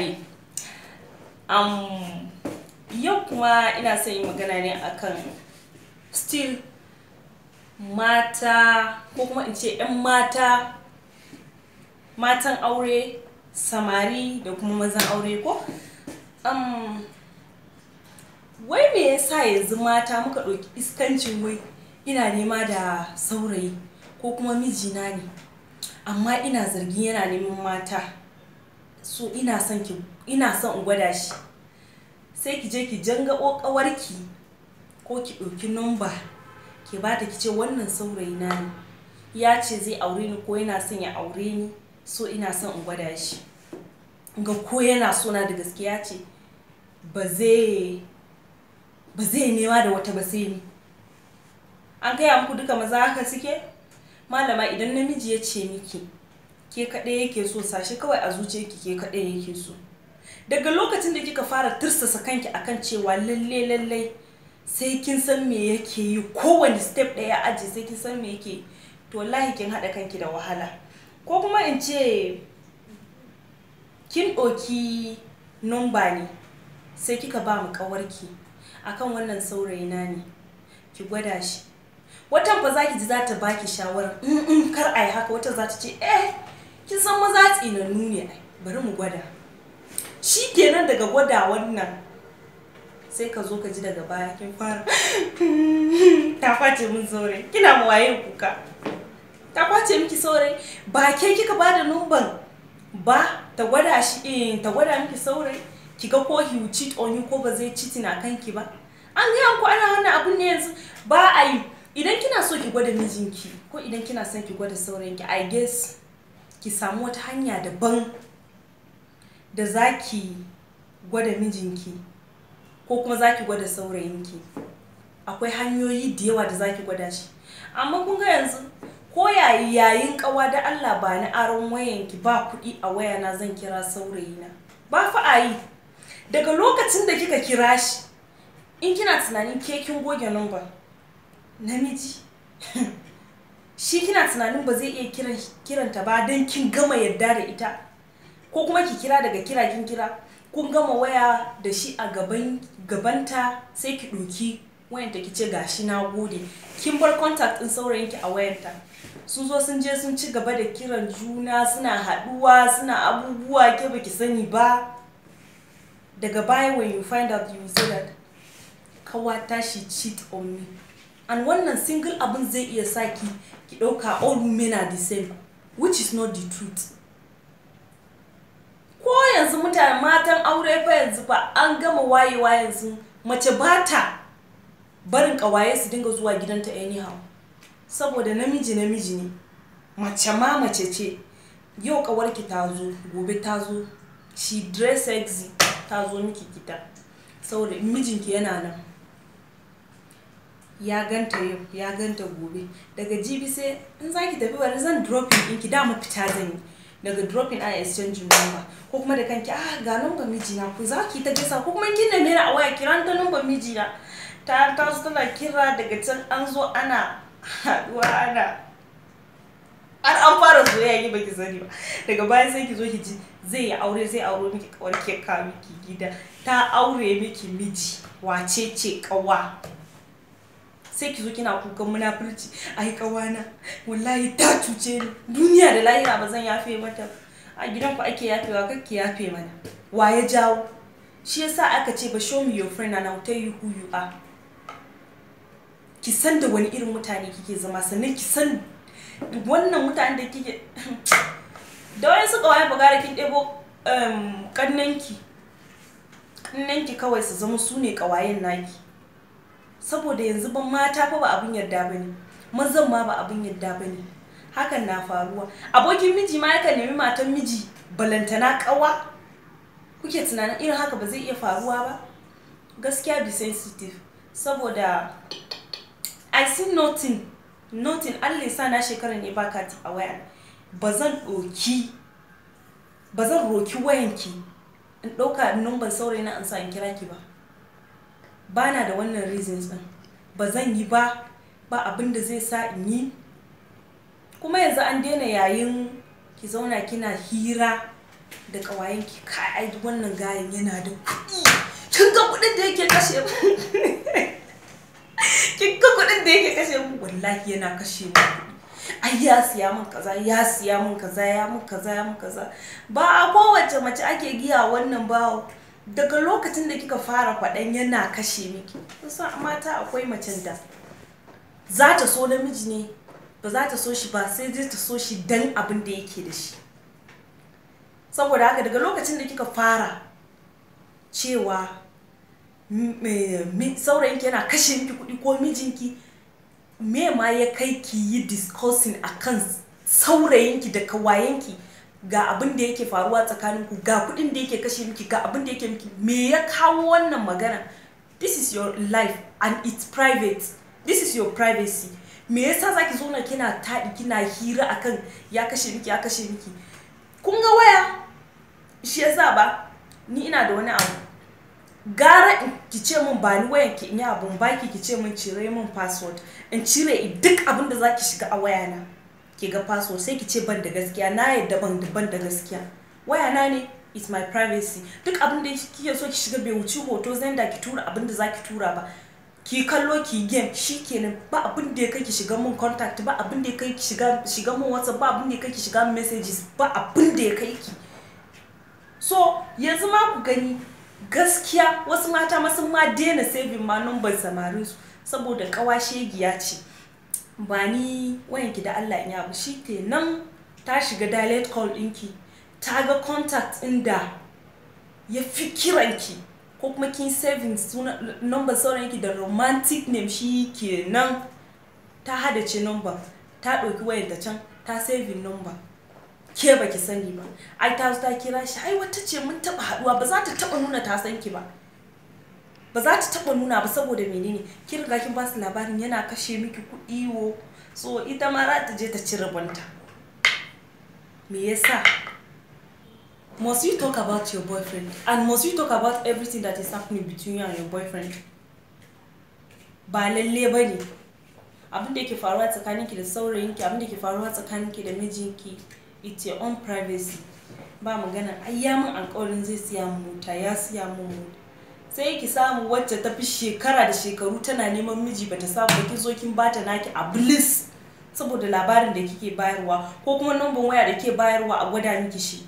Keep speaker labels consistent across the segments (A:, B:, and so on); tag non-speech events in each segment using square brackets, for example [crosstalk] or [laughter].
A: Um, yau kuma ina son yi magana ne akan still mata ko kuma in ce 'yan mata matan aure samari da kuma mazan aure ko um, wai me yasa yanzu mata muka ɗauki iskancin wai ina nema da saurayi ko kuma mijina ne amma ina zargin yana neman mata so ina son ki ina son in gwada shi sai ki je ki janga ƙawarki ko ki ɗauki numba ki bata ki ce wannan saurayi na ne ya ce zai aure ni ko yana son ya aure ni so ina son in gwada shi ga ko yana so na da gaskiya ce ba zai ba zai nema da wata ba sai ni an kai muku duka maza haka suke malama idan namiji ya ce miki ke kaɗai yake so sashi kawai a zuciyarki ke kaɗai yake so daga lokacin da kika fara tursasa kanki akan cewa lalle lalle sai kin san me yake yi kowane step ɗaya aji sai kin san me yake to wallahi kin haɗa kanki da wahala ko kuma in ce kin ɗoki numba ne sai kika ba mu ƙawarki akan wannan saurayina ne ki gwada shi watan ba za ki ji za ta ba baki shawara mm, mm, kar a yi haka watan za ta ce eh kin san maza na ne ai bari mu gwada shi kenan daga gwada wannan sai ka zo ka ji daga baya kin fara [laughs] ta kwace min saurayi kina mu waye kuka ta kwace miki saurayi ba ke kika bada numban ba ta gwada shi eh, ta gwada miki saurayi ga ko he cheat on you ko ba zai cheat na kanki ba an gaya ku ana wannan abun ne yanzu ba a yi idan kina so ki gwada mijinki ko idan kina son ki gwada saurayinki i guess ki samu wata hanya daban da za ki gwada mijinki ko kuma za ki gwada saurayinki akwai hanyoyi da yawa da za ki gwada shi amma kun ga yanzu ko yayi yayin kawa da Allah ba ni aron wayanki ba kuɗi a waya na zan kira saurayina ba fa a yi daga lokacin da kika kira shi in kina tunanin ke kin goge numba namiji shi kina tunanin ba zai iya kiranta ba don kin gama yadda da ita ko kuma ki kira daga kira kin kira kun gama waya da shi a gaban gabanta sai ki ɗoki wayanta ki ce gashi na gode kin bar contact ɗin ki a wayanta sun zo sun je sun ci gaba da kiran juna suna haɗuwa suna abubuwa ke baki sani ba daga baya when you find out you say that kawa tashi cheat on me and wannan single abun zai iya saki ki ɗauka all women are the same which is not the truth ko yanzu mutane matan aure fa yanzu fa an gama wayewa yanzu mace ba ta barin kawaye su dinga zuwa gidanta anyhow saboda namiji namiji ne mace ma mace ce yau kawarki ta zo gobe ta zo she dress sexy ta zo miki gida saboda mijinki yana nan ya ganta yau ya ganta gobe daga jibi sai in za ki tafi wani zan dropping ɗinki dama fita zan yi daga dropping a exchange number ko kuma da kanki ah ga number mijina ku za ki ta gisa ko kuma kin nemi a waya kiran ta number mijina ta ta zo tana kira daga can an zo ana haɗuwa ana an an fara soyayya ki baki sani ba daga baya sai ki zo ki ji zai yi aure zai aure miki kawar ke ka miki gida ta aure miki miji wace ce kawa sai ki zo kina kukan munafurci ai kawana wallahi ta cuce ni duniya da lahira ba zan yafe mata a gidan ku ake yafewa kar ki yafe mana wa ya jawo shi yasa aka ce ba show me your friend and I'll tell you who you are ki san da wani irin mutane kike zama sannan ki san wannan mutane da kike [sniffs] da wani suka waye bugara kin ɗebo kannanki kannanki kawai su zama su ne kawayen naki saboda yanzu ban mata fa ba abin yarda ba ne mazan ma ba abin yarda ba hakan na faruwa abokin miji ma yakan nemi matan miji balantana kawa kuke tunanin irin haka ba zai iya faruwa ba gaskiya be sensitive saboda i see nothing nothing allah sa na shekarar ne baka a waya ba zan ɗoki ba zan roki wayanki in ɗauka numban saurayi na in sa in kira ki ba ba na da wannan reasons din ba zan yi ba ba abin da zai sa in yi kuma yanzu an daina yayin ki zauna kina hira da ƙawayenki kai wannan gayen yana da kuɗi kin ga kuɗin da yake kashe mu [laughs] kin ga kuɗin da yake kashe mu wallahi yana kashe mu ai ya siya min kaza ya siya min kaza ya min kaza ya min kaza ba a kowace mace ake giya wannan bawo daga lokacin da kika fara kwaɗan yana kashe miki san mata akwai macen da za ta so namiji ne ba za ta so shi ba sai zai ta so shi dan abin da yake da shi saboda haka daga lokacin da kika fara cewa saurayinki yana kashe miki kuɗi ko mijinki me ma ya kai ki yi discussing akan saurayinki da kawayenki ga abin da yake faruwa tsakanin ku ga kudin da yake kashe miki ga abin da yake miki me ya kawo wannan magana this is your life and it's private this is your privacy me yasa zaki zo na kina taɗi kina hira akan ya kashe miki ya kashe miki kun ga waya shi yasa ba ni ina da wani abu gara in ce min ba ni wayan ki in yi abun baki ce min cire min password in cire duk abin da zaki shiga a wayana ki ga password sai ki ce ban da gaskiya na yadda ban ban da gaskiya waya na ne it's my privacy duk abin da kike so ki shiga bai wuce hoto zanda ki tura abin da zaki tura ba ki kallo ki game shikenan ba abin da ya kai ki shiga mun contact ba abin da ya kai ki shiga shiga mun whatsapp ba abin da ya kai ki shiga mun messages ba abin da ya kai ki so yanzu ma ku gani gaskiya wasu mata ma sun ma daina saving ma number samarin su saboda kawashe giya ce ba ni wayanki da Allah in yabu shi ke nan ta shiga dialect call ɗinki ta ga contact inda ya fi kiranki ko kuma kin saving number sauranki da romantic name shi ke nan ta hada ce number ta ɗauki wayar da can ta saving number ke baki sani ba ai ta zo ta kira shi ai wata ce mun taɓa haɗuwa ba za ta taɓa nuna ta san ki ba ba za ta taba nuna ba saboda menene kin riga kin ba su labarin yana kashe miki kuɗi wo so ita ma za ta je ta ci rabonta me yasa must you talk about your boyfriend and must you talk about everything that is happening between you and your boyfriend ba lalle ba ne abin da yake faruwa tsakanin ki da saurayin ki, abin da yake faruwa tsakanin ki da mijin ki, it's your own privacy ba magana ayyamin alƙawarin zai siya mu ta ya siya mu mu sai ki samu wacce ta fi shekara da shekaru tana neman miji bata samu ba kin zo kin bata naki a bliss saboda labarin da kike bayarwa ko kuma numban waya da ke bayarwa a gwada miki shi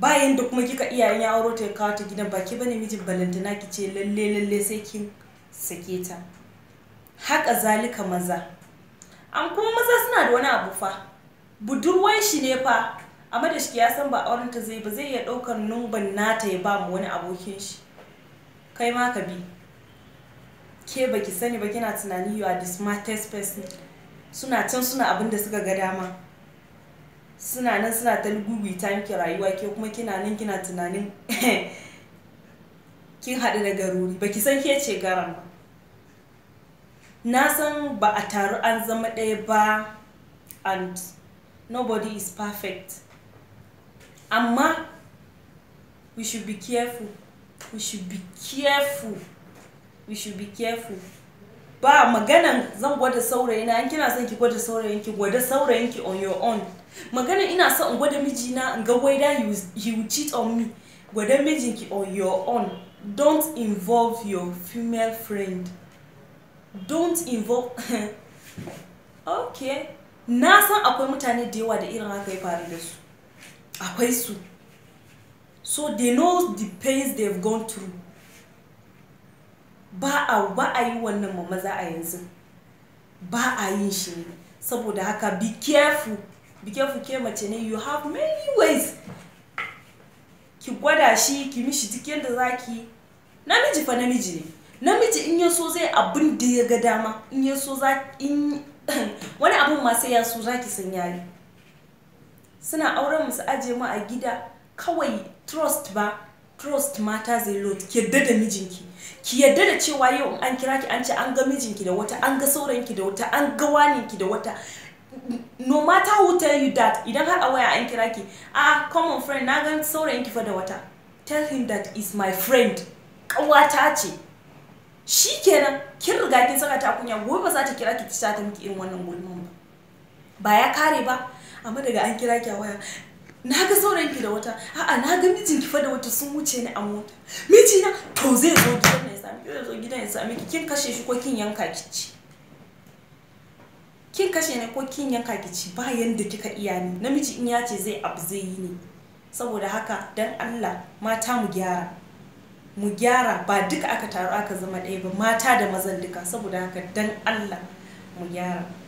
A: bayan da kuma kika iyayen ya auro ta kawo ta gidan baki bane mijin balantana ki ce lalle lalle sai kin sake ta haka zalika maza an kuma maza suna da wani abu fa budurwan shi ne fa amma da shi ya san ba auren ta zai ba zai iya ɗaukar numban nata ya ba mu wani abokin shi kai ma ka bi ke baki sani ba kina tunani you are the smartest person suna can suna abin da suka ga dama suna nan suna ta ta miki rayuwa ke kuma kina nan kina tunanin [laughs] kin haɗu da garuri baki san ke ce garan ba na san ba a taru an zama ɗaya ba and nobody is perfect amma we should be careful we should be careful we should be careful ba maganan zan gwada saurayina na kina son ki gwada saurayinki gwada saurayinki on your own maganan ina son in gwada mijina in ga whether he will cheat on me gwada mijinki on your own don't involve your female friend don't involve [laughs] okay na san akwai mutane da yawa da irin haka ya faru da su akwai su so they know the pains they've gone through ba a ba a yi wannan ma maza a yanzu ba a yin shi ne saboda haka be careful be careful ke mace ne you have many ways ki gwada shi ki mishi duk yadda zaki namiji fa namiji ne namiji in ya so zai abin da ya ga dama in ya so za in [coughs] wani abun ma sai ya so zaki san yayi suna auren mu su aje mu a gida kawai trust ba trust mata zai lot ki yadda da mijinki ki yadda da cewa yau in an kira ki an ce an ga mijinki da wata an ga saurayinki da wata an ga waninki da wata no matter who tell you that idan har a waya an kira ki a common friend na ga saurayinki fa da wata tell him that is my friend kawata ce shi kenan kin riga kin saka ta kunya gobe ba za ta kira ki ta ta miki irin wannan gulman ba ba ya kare ba amma daga an kira ki a waya na ga ki da wata a'a na ga mijinki fa da wata sun wuce ni a mota mijina to zai zo gidan ya sami ki zo gidan ya sami kin kashe shi ko kin yanka ki ci kin kashe ne ko kin yanka ki ci ba yanda kika iya ni namiji in ya ce zai abu zai yi ne saboda haka dan Allah mata mu gyara mu gyara ba duka aka taru aka zama ɗaya ba mata da mazan duka saboda haka dan Allah mu gyara